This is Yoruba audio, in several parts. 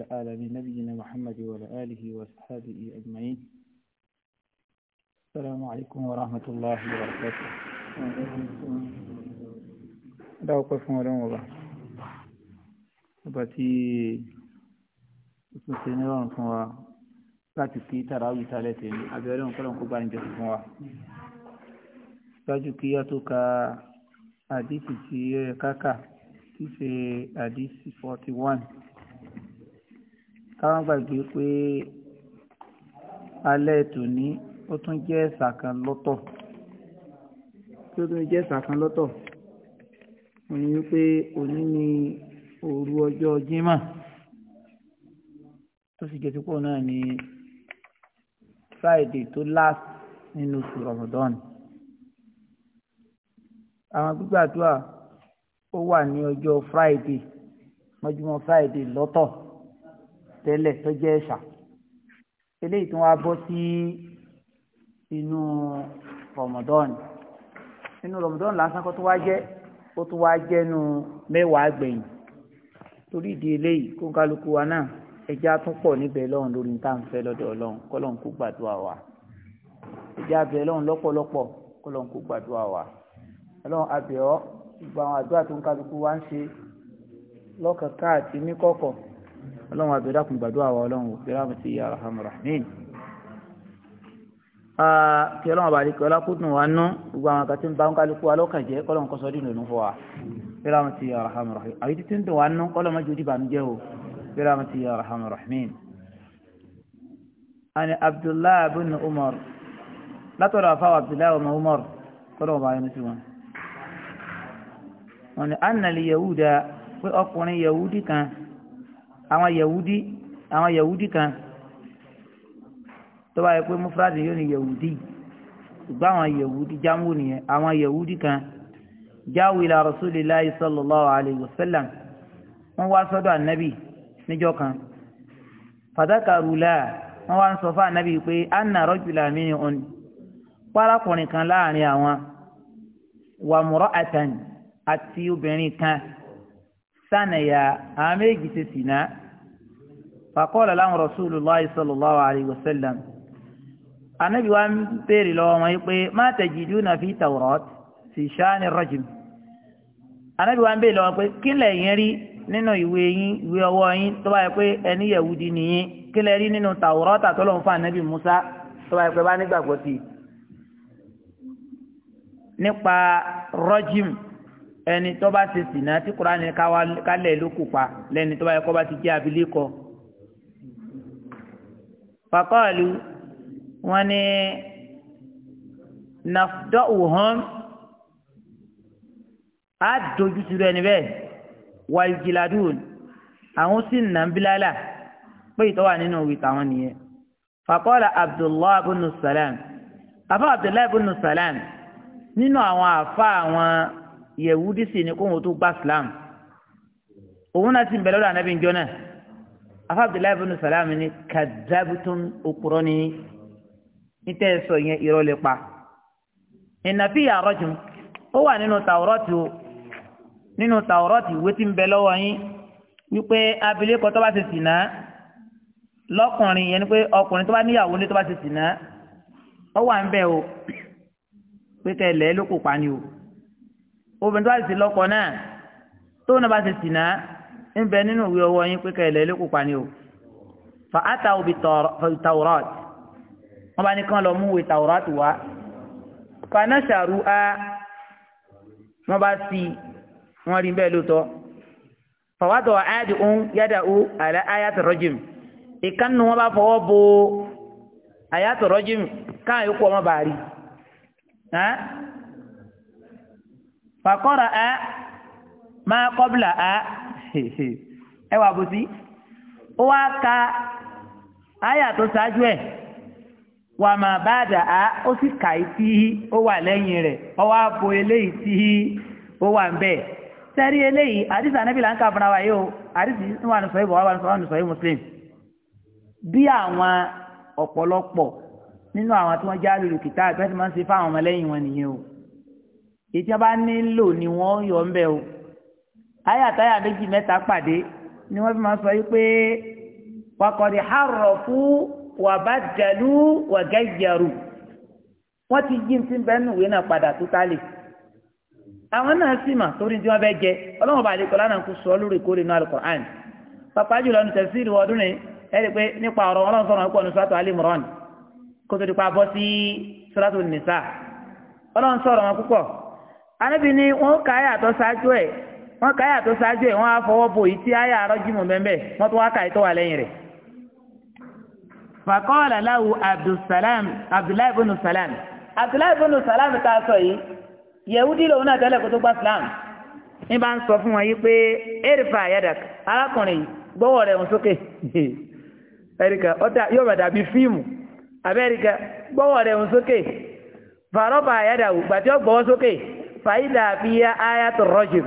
العالمين نبينا محمد وعلى آله وصحبه أجمعين السلام عليكم ورحمة الله وبركاته dáwọ́pẹ́ fún ọlọ́run ọba ọba tí ó tún ṣe nírọ̀rùn fún wa láti kí tàràwì sálẹ̀ tèmi abẹ́rẹ́ òǹkọ́lọ́n kó bá ń jọsìn fún wa ṣáájú kí a tó ka àdìsí tí ó káka tí ṣe àdìsí forty one káwọn gbàgbé pé alẹ́ tòní ó tún jẹ́ ẹ̀sà kan lọ́tọ̀ tí ó tún jẹ́ ẹ̀sà kan lọ́tọ̀ mo ní wípé òní ni òru ọjọ́ Jímọ̀ tó sì jẹ́ sípò náà ni Friday tó last nínú oṣù Ramadan àwọn gbígbàdúrà ó wà ní ọjọ́ Friday mọ́júmọ́ Friday lọ́tọ̀ tẹ́lẹ̀ tó jẹ́ ẹ̀ṣà eléyìí tó wá bọ́ sí inú rọmọdọ́ọ̀nù inú rọmọdọ́ọ̀nù lásán kó tó wá jẹ́ ó tó wá jẹ́nu mẹ́wàá gbẹ̀yìn torí ìdí eléyìí kó kálukú wa náà ẹja tún pọ̀ níbẹ̀ lọ́run lórí tá à ń fẹ́ lọ́dọ̀ ọlọ́run kọ́lọ́n kó gbàdúrà wa ẹja bẹ̀ lọ́run lọ́pọ̀lọpọ̀ kọ́lọ́n kó gbàdúrà wa ọlọ́run abẹ́ ọ́ gbogbo àwọn àdúrà tó ń kálukú wa ń ṣe lọ́kàn káàtì níkọ̀kọ̀ ọlọ́run àbẹ̀dákùn gbàdúrà wa ọlọ́run òfìràmù sí ya rahman rahmin kí ọlọ́run àbàlí kí ọlákùnrin wa nú gbogbo àwọn akàtí ń bá ń kálukú wa lọ́kàn jẹ́ kọ́lọ́n kọ́sọ́ dì nínú fún wa òfìràmù sí ya rahman rahmin àyè títí ń dùn wa nú kọ́lọ́n mọ́jú dì bànújẹ́ o òfìràmù sí ya rahman rahmin. ani abdullahi bin umar látọ̀dọ̀ àfáwọ̀ abdullahi bin umar kọ́lọ́n ọba ayé àwọn yahudi àwọn yahudi kan tó bá yẹ pé mufradi yóò ní yahudi ìgbà àwọn yahudi jámù nìyẹn àwọn yahudi kan jáwé la rasulillahi sallallahu alayhi wa sallam wọn wá sọ́dọ̀ anabi níjọ́ kan fàdákàrúlà wọn wá ń sọ fún anabi pé anna rajula minhum párakùnrin kan láàrin àwọn wàmúrọ̀ àtàn àti obìnrin kan sànàyà àwọn méjì ti sìn náà fàkọ́ọ̀lá láwọn Rasulullahi sallallahu alayhi wa sallam anabi wa ń béèrè lọ́wọ́ wọn pé má tajiduna fi tawrat fi shani rajim anabi wa ń béèrè lọ́wọ́ pé kí lẹ̀ yín rí nínú ìwé yín ìwé ọwọ́ yín tó bá yẹ pé ẹni yẹ̀wùdí nìyín kí lẹ̀ rí nínú tawrat àtọ́lọ́hún fún anabi Musa tó bá yẹ pé bá nígbàgbọ́ sí i nípa rọ́jìm ẹni tó bá ṣe sìnà tí kúránì kálẹ̀ ló kópa lẹ́ni tó bá yẹ kó bá ti jẹ́ abilékọ fàkọ́ọ̀lù wọn ni nàfdọ́ òhán á dojú tu rẹ̀ níbẹ̀ wàlìjìládùn àwọn sì nà ń bílálà pé ìtọ́wà nínú òwe tàwọn nìyẹn fàkọ́ọ̀lù abdullahi abunu salam afa abdullahi abunu salam nínú àwọn àfa àwọn yẹwùdí sì ni kóhun tó gbà slam òun náà sì ń bẹ lọ́dọ̀ ànábì ń náà afa abdullahi bin salam ni kadabitun okuro ni ní tẹ́ ẹ sọ yẹn irọ́ lè pa ìnàfi yàrá jù ó wà nínú tàwọ́rọ́tì o nínú tàwọ́rọ́tì ìwé tí ń bẹ lọ́wọ́ yín wípé abilékọ tó bá ti sìnà lọ́kùnrin yẹn ni pé ọkùnrin tó bá níyàwó ní tó bá ti sìnà ó wà ń bẹ o pé tẹ́ ẹ lẹ́ pa ni o obìnrin tó bá ti sì lọ́kọ náà tóun náà bá ti sìnà ń bẹ nínú ìwé ọwọ́ yín pé kẹlẹ̀ ló kópa ni o fa ata obi taurat wọ́n bá ní kán lọ mú ìwé taurat wá fana ṣàrú a wọ́n bá sí wọ́n rí bẹ́ẹ̀ lóòótọ́ fàwátọ̀ àyájú ń yádà ó àlẹ́ ayáta rọ́jìm ìkànnì wọn bá fọwọ́ bo ayáta rọ́jìm káà yóò kú ọmọ bàárí fàkọ́ra a máa kọ́bìlà a. ẹ wà bùsí ó wá ka àyà tó ṣáájú ẹ̀ wà má bá dà á ó sì kà í tí ó wà lẹ́yìn rẹ̀ ó wá bo eléyìí tí ó wà ń bẹ̀ sẹ́rí eléyìí àdìsí ń wa yìí o àdìsí wà wà muslim bí àwọn ọ̀pọ̀lọpọ̀ nínú àwọn tí wọ́n já lulu kìtá fáwọn ọmọlẹ́yìn wọn o. ayàtayà méjì mẹ́ta pàdé ni wọ́n fi máa sọ yìí pé wakọ̀dì harọ̀fù wàbàjẹ̀lú wàgẹ́yẹ̀rù wọ́n ti yí ti bẹ́ẹ̀ nùwé náà padà tó tálè àwọn náà sì mà torí tí wọ́n bẹ́ jẹ ọlọ́run bá àlekọ́ lánàá kó sọ lórí ìkórè náà Al-Qur'an pàpà jùlọ ní tafsiri ọdún ni ẹ̀rí pé nípa ọ̀rọ̀ ọlọ́run sọ̀rọ̀ ẹ̀kọ́ ní sọ́tò Al-Imran kó tó dípa bọ́ sí Suratul Nisa ọlọ́run sọ̀rọ̀ wọn púpọ̀ anábì ni wọ́n kà á yàtọ̀ ṣáájú ẹ̀ wọ́n káyà tó ṣáájú ẹ̀ wọ́n á fọwọ́ bò yìí tí àyà arọ́jìmọ̀ bẹ́ẹ̀ wọ́n tó wá káyì tó wà lẹ́yìn rẹ̀. fàkọ́ọ̀lá láwù abdulsalam abdullahi bonu salam abdullahi bonu salam tá sọ yìí yẹ̀wúdí lòun náà tẹ́lẹ̀ kó tó gbá islam ní bá ń sọ fún wọn yìí pé erifa yadak arákùnrin gbọ́wọ́ rẹ̀ ń sókè erika ọ̀tá yóò bàdà bíi fíìmù abẹ́ríkà gbọ́wọ́ rẹ̀ ń sókè fàrọ́bà yadahu gbàtí ó gbọ́wọ́ sókè fàyídà fi yá ayatul rajim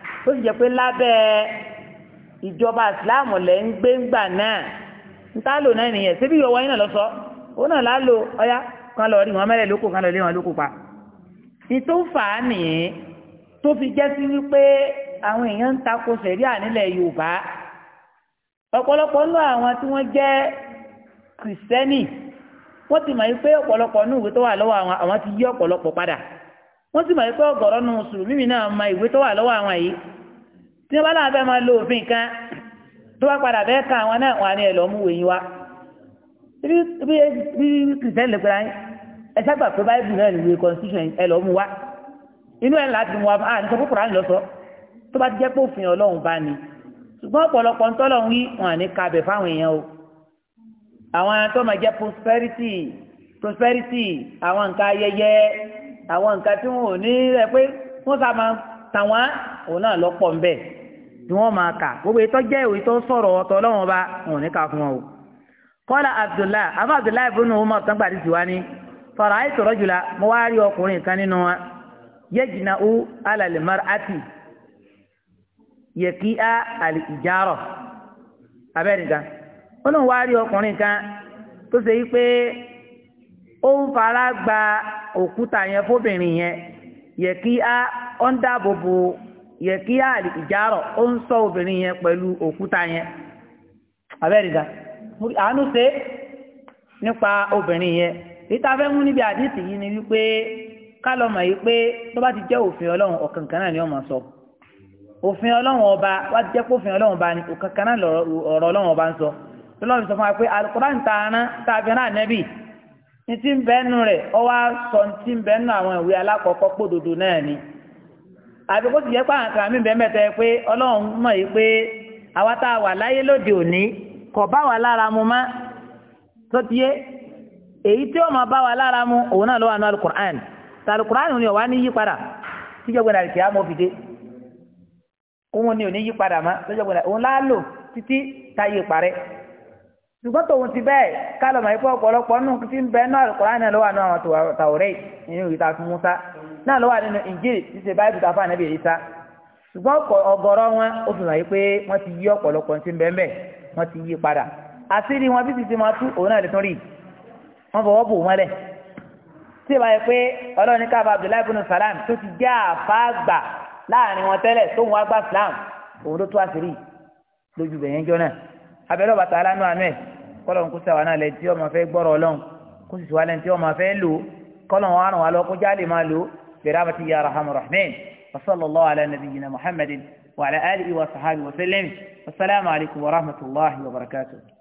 tó sì jẹ́ pé lábẹ́ ìjọba ìsìláàmù lẹ̀ ń gbé ńgbà náà ń tá lò náà nìyẹn síbi ìyọwọ́ yín náà lọ sọ ó náà lálo ọyá kan lọ rí wọn mẹ́rẹ̀ lóko kan lọ lé wọn lóko pa ní tó fà á nìyẹn tó fi jẹ́ sí wípé àwọn èèyàn ń tako sẹ̀ríà nílẹ̀ Yorùbá ọ̀pọ̀lọpọ̀ nínú àwọn tí wọ́n jẹ́ kìrìsìtẹ́nì wọ́n ti mọ̀ yí pé ọ̀pọ̀lọpọ̀ nínú tó wà lọ́wọ́ àwọn ti yí ọ̀pọ̀lọpọ̀ padà wọ́n sì mọ̀ pé ọ̀gọ̀rọ̀ nu mùsùlùmí mi náà mọ ìwé tó wà lọ́wọ́ àwọn yìí tí wọ́n bá láwọn fẹ́ máa lo òfin kan tó bá padà bẹ́ẹ̀ ká àwọn náà wà ní ẹ̀lọ́ mú wèyí wa bí kìrìsìtẹ́nì lè pera ẹ sábà pé báyìí náà nìwé constitution ẹ̀lọ́ mú wa inú ẹ̀ láti mú wa fún àníṣe kókòrò àní lọ́sọ tó bá ti jẹ́ pé òfin ọlọ́run bá ní ṣùgbọ́n ọ̀pọ̀lọpọ̀ ń tọ́lọ̀ wí wọn ní kabẹ̀ fáwọn èèyàn o àwọn tó máa jẹ́ prosperity prosperity àwọn nǹkan ayẹyẹ àwọn nǹkan tí wọn ò ní rẹ pé wọn sá máa tàn wọn òun náà lọ́pọ̀ ń bẹ̀ ni wọ́n máa kà gbogbo ìtọ́ jẹ́ ìwé tó sọ̀rọ̀ ọ̀tọ̀ ọlọ́wọ́n bá wọn ní kà fún wọn kọ́lá abdullahi afa abdullahi ibùnú ọmọ ọ̀tán gbàdí sí wa ni fọ̀rọ̀ ayé tọ̀rọ̀ jùlá mo wá rí ọkùnrin kan nínú wa yẹ́jìnà ó alàlẹ́ mara àti yẹ̀kí á àlè ìjárọ̀ abẹ́rìnga ó lóun wá rí ọkùnrin kan tó ṣe yí pé ó ń fara gba òkúta yẹn fóbìnrin yẹn yẹ kí á ó ń dáàbò bo yẹ kí á ìjárọ̀ ó ń sọ obìnrin yẹn pẹ̀lú òkúta yẹn abẹ́rìndà àánú ṣe nípa obìnrin yẹn ìta fẹ́ mú níbi yìí ni wípé ká lọ ti jẹ́ òfin ọlọ́run ọ̀kan kan náà ni wọ́n sọ òfin ọlọ́run ọba wá ti jẹ́ pé ọba ni ọ̀kan kan náà ọba ń sọ lọ́lọ́run sọ fún wa pé ń a fi ní tí ń bẹ́nu rẹ̀ ọ wá sọ ní tí ń bẹ́nu àwọn ìwé alákọ̀ọ́kọ́ pòdodo náà ni àbí kó ti jẹ́ pé àwọn kan mí bẹ́ẹ̀ mẹ́ta pé ọlọ́run mọ̀ yìí pé àwa tá a wà láyé lóde òní kò bá wa lára mu mọ́ tó ti yé èyí tí ó máa bá wa lára mu òun náà ló wà ní alukur'an tàlùkùránù ni ọ̀wá ní yípadà tíjọ́gbọ́n àti kìá mọ́ fìdé òun ni ò ní yípadà mọ́ tíjọ́gbọ́n òun láálò títí táyé parẹ́ ṣùgbọ́n tòun ti bẹ́ẹ̀ kálọ̀ mọ̀ ipò ọ̀pọ̀lọpọ̀ nù tí ń bẹ náà Al-Qur'an náà ló wà nínú àwọn Tawrati nínú ìta fún Musa náà ló wà nínú Injili tí ṣe báyìí tàfà níbi Ìsá ṣùgbọ́n ọ̀gọ̀rọ̀ wọn ó fi hàn yí pé wọ́n ti yí ọ̀pọ̀lọpọ̀ tí ń bẹ ńbẹ̀ wọ́n ti yí padà àṣírí wọn bí títí máa tú òun náà lè tún rí wọ́n fọwọ́ bò wọ́n lẹ̀ tí ìbáyé pé ọlọ́run ká bá Abdullahi bin Salam tó ti jẹ́ àfáàgbà láàrin wọn tẹ́lẹ̀ tóun wá gbà Islam òun ló tú àṣírí lójú bẹ̀yẹn jọ náà abẹ́rẹ́ bàtà alánú àánú ẹ̀ kọ́lọ́n kó sàwọn náà lẹ́yìn tí ọmọ fẹ́ gbọ́rọ̀ ọlọ́run kó sì wá lẹ́yìn tí ọmọ fẹ́ lò kọ́lọ́n wọn àrùn wa lọ kó jáde máa lò bẹ̀rẹ̀ àbàtì yàrá hamu rahman wa alaykum wa rahmatulahi wa barakatuh.